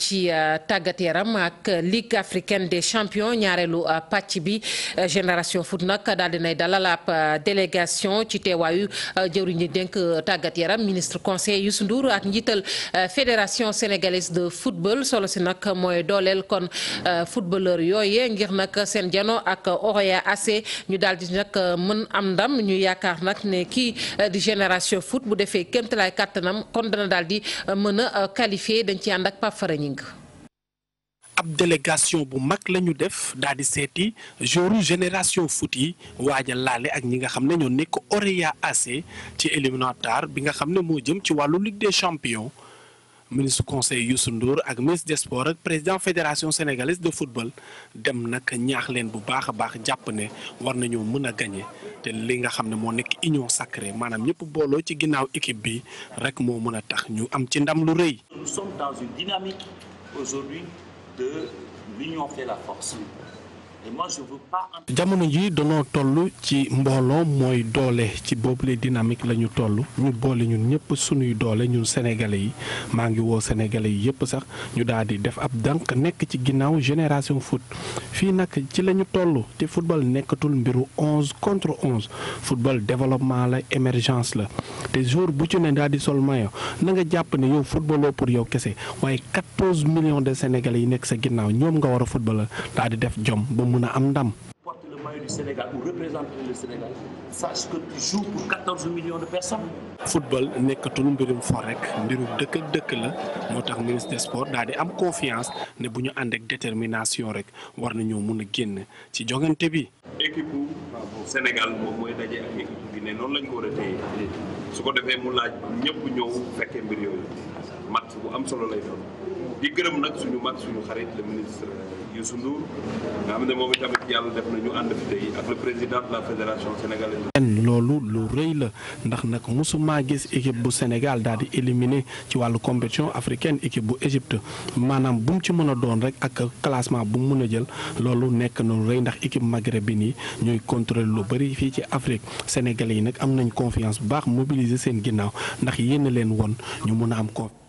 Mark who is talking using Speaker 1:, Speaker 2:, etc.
Speaker 1: ci euh, tàggat yaram ak Ligue africaine de champions ñaareelu euh, pacc bi euh, génération foot nag daal nay dalal ab délégation ci teewaayu jëwriñ ñi dénk tàggat yaram ministre conseil Youssou Ndour ak njiital fédération sénégalaise de football solo si nag mooy dooleel kon footballeur yooyee ngir nag seen jano ak Oroya AC ñu daal di nag mën am ndam ñu yaakaar nag ne kii di génération foot bu defee kémtalaay kàttanam kon dana daal di mën dañ ci ànd ak
Speaker 2: ab délégation bu mag la ñu def daal di seeti jouru génération fouti yi laale ak ñi nga xam ne ñoo nekk Orea AC ci éliminatoire bi nga xam ne moo jëm ci wàllu Ligue des champions ministre conseil Youssou Ndour ak ministre des sports ak président fédération sénégalaise de football dem nag ñaax leen bu baax a baax jàpp ne war nañoo mën a gagné te li nga xam ne moo nekk union sacrée maanaam ñëpp booloo ci ginnaaw équipe bi rek moo mën a tax ñu am ci ndam lu rëy.
Speaker 3: nous sommes dans une dynamique aujourd'hui de l'union fait la force.
Speaker 2: jamono ji danoo toll ci mbooloo mooy doole ci boobule dynamique la ñu toll ñu boole ñu ñëpp sunuy doole ñun sénégalais yi maa ngi woo sénégalais yi yëpp sax ñu daal di def ab dànk nekk ci ginnaaw génération foot fii nag ci la ñu toll te football nekkatul mbiru 11 contre 11 football développement la émergence la te jour bu ci ne daal di sol maillot na nga jàpp ne yow footballoo pour yow kese waaye 14 millions de sénégalais yi nekk sa ginnaaw ñoom nga war a football daal di def jom mën a am ndam
Speaker 3: Sénégal ou représenter le Sénégal sache que tu joues pour quatorze millions de
Speaker 2: football nekkatul mbirum for rek mbirum dëkk ak dëkk la moo tax ministre des sports daal di am confiance ne bu ñu ànd ak détermination rek war na nañoo mun a génn ci jogante bi.
Speaker 3: équipe bu Sénégal moom mooy daje ak équipe bi ne noonu lañ ko war a téye su ko defee mu laaj ñëpp ñëw fekkee mbir yooyu match bu am solo lay doon di gërëm nag suñu mag suñu xarit le ministre Youssou Ndour nga xam ne moom itamit yàlla def na ñu ànd fi tey
Speaker 2: yi loolu lu rëy la ndax nag mosuma gis équipe bu Sénégal daal di éliminé ci wàllu compétition africaine équipe bu Égypte maanaam bu mu ci mën a doon rek ak classement bu mu mën a jël loolu nekk na lu rëy ndax équipe maghrébine yi ñooy contrôler lu bëri fii ci Afrique sénégalais yi nag am nañ confiance bu baax mobiliser seen ginnaaw ndax yéen leen woon ñu mën a am confiance.